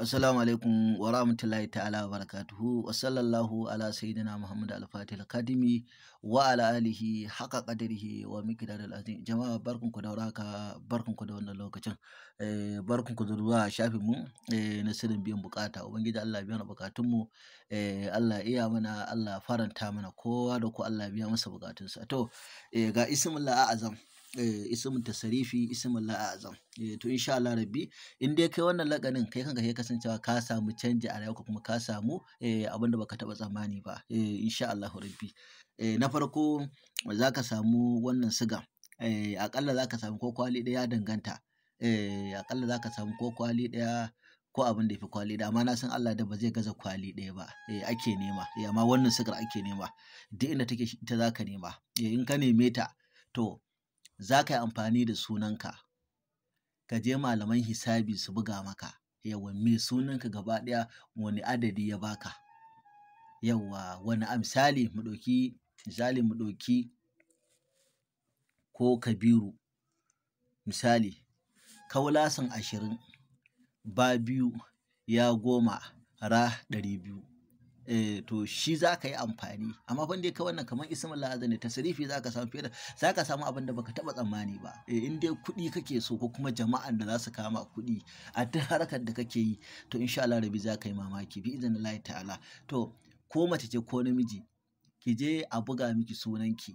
Assalamu alaikum wa rahmatullahi ta'ala wa barakatuhu wa sallallahu ala sayyidina Muhammad al-Fatih kadimi wa ala alihi haka qadarihi wa miqdar al-azim jama'a barkunku da barkunku da wannan lokacin eh barkunku da shafin mu eh, na sirrin biyan bukata ubangiji Allah biya bukatun mu eh Allah iya mana Allah faranta mana kowa da ku Allah biya masa bukatunsa to eh ga ismullah azam Eh, ismin tasarifi ismin la'azam eh, to insha Allah rabbi in dai kai wannan lakanin kai kanka kai kasancewa ka samu canji a rayuwa kuma ka samu eh, abinda baka taba tsammani ba insha Allah rabbi na farko za ka samu wannan siga akalla za ka samu ko kwali ɗaya danganta akalla za ka samu ko kwali ɗaya ko abin da ya fi kwali da amma na san Allah da ba zai gaza kwali ɗaya ba eh, ake nema amma wannan sigar ake nema duk inda take ita za ka nema in ka neme ta to za ka yi amfani da sunanka ka je malaman hisabi su buga maka yawan me sunanka gaba ɗaya wani adadi ya baka yawa wani a misali mu ɗauki misali mu ɗauki ko kabiru misali kaulasan ashirin ba biyu ya goma ra ɗari biyu Eh, to shi za ka yi amfani amma ban dai ka wannan kamar ismin la'aza ne tasarifi za ka samu fiye za ka samu abin da baka taba tsammani ba eh, in dai kuɗi kake so ko kuma jama'an da za su kama kuɗi a duk harkar da kake yi to insha Allah rabi za ka yi mamaki bi idan Allah ta'ala to ko mace ce ko namiji ki je a buga miki sunanki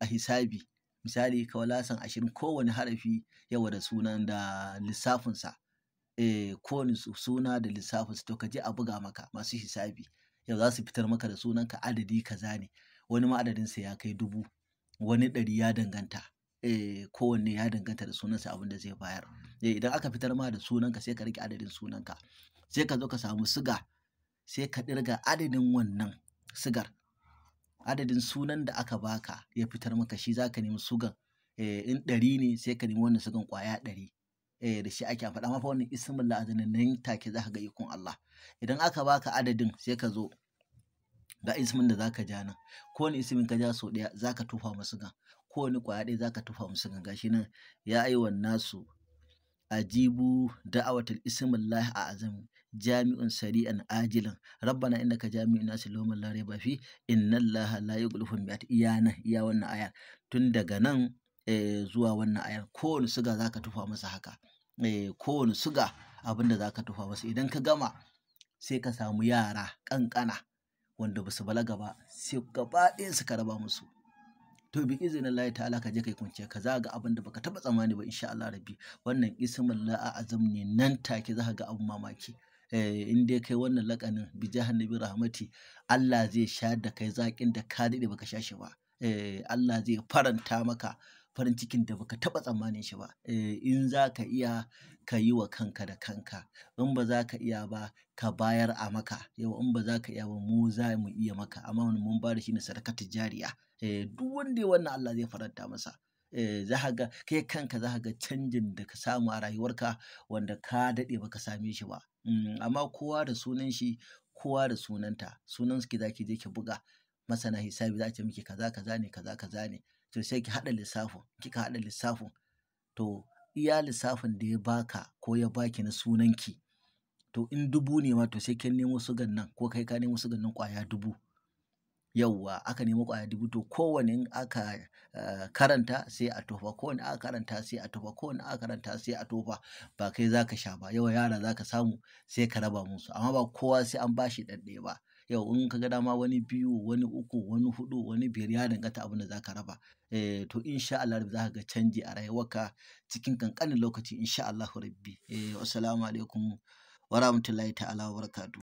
a hisabi misali ka san ashirin kowane harafi yawa da sunan da lissafinsa eh kowane suna da lissafinsa to ka je a buga maka masu hisabi yau za su fitar maka da sunanka adadi ka zane wani ma adadinsa ya kai dubu wani ɗari ya danganta eh, kowanne ya danganta da sunansa abin da zai bayar eh, idan aka fitar ma da sunanka sai ka rike adadin sunanka sai ka zo ka samu siga sai ka ɗirga adadin wannan sigar adadin sunan da aka baka ya fitar maka shi za ka nemi sugan eh, in ɗari ne sai ka nemi wannan sugan kwaya ɗari Eh, da shi ake faɗa ma fa wannan ismin na nan take za ka ga ikon Allah idan aka baka adadin sai ka zo ga ismin da za ka ja nan kowane ismin ka ja sau ɗaya za ka tufa musu gan kowane ƙwaya ɗaya za ka tufa musu gan gashi nan ya wannan su. ajibu da'awatul ismillahi a azam jami'un sari'an ajilan rabbana innaka jami'un nasi nasu la rayba fi inna laha, la yughlifu al ta iya nan iya wannan aya. tun daga nan Eh, zuwa wannan ayar kowane suga za ka tufa masa haka eh, kowane suga abin da za ka tufa masa idan ka gama sai ka samu yara ƙanƙana wanda ba su balaga ba sai gaba ɗaya su raba musu to bi izinin Allah ta'ala ka je kai kunce ka za ga abin da baka taba tsammani ba insha Allah rabbi wannan ismin la'a azam ne nan take za ga abin mamaki eh, in dai kai wannan lakanin bi jahannabi rahmati Allah zai sha da kai zakin da ka dade baka sha shi ba Allah zai faranta maka farin cikin da baka taɓa tsammanin shi ba eh, in za ka iya ka yi wa kanka da kanka in ba za ka iya ba ka bayar a maka yau in ba za ka iya ba mu za mu iya maka amma wani mun ba da shi ne sadakata jariya eh, duk wanda ya wannan Allah zai faranta masa eh, za ka ga kai kanka za ka ga canjin da ka samu a rayuwarka wanda ka daɗe baka same shi ba mm, amma kowa da sunan shi kowa da sunanta sunan suke za ki je ki buga masana hisabi za a ce miki kaza kaza ne kaza kaza ne to sai ki haɗa lissafin kika haɗa lissafin to iya lissafin da ya baka ko ya baki na sunanki to in dubu ne ma to sai kin nemo sugan nan ko kai ka nemo sugan nan kwaya dubu yauwa aka nemo kwaya dubu to kowane in aka eh, karanta sai a tofa kowane aka karanta sai a tofa kowane aka karanta sai a tofa ba kai zaka sha ba yawa yara zaka samu sai ka raba musu amma ba kowa sai an bashi ɗanɗe ba yau in ka ga dama wani biyu wani uku wani hudu wani biyar ya danganta abin da za ka raba E, to insha Allah za ka ga canji a rayuwarka cikin kankanin lokaci insha Allah rabbi eh, assalamu alaikum wa rahmatullahi ta'ala wa barakatuh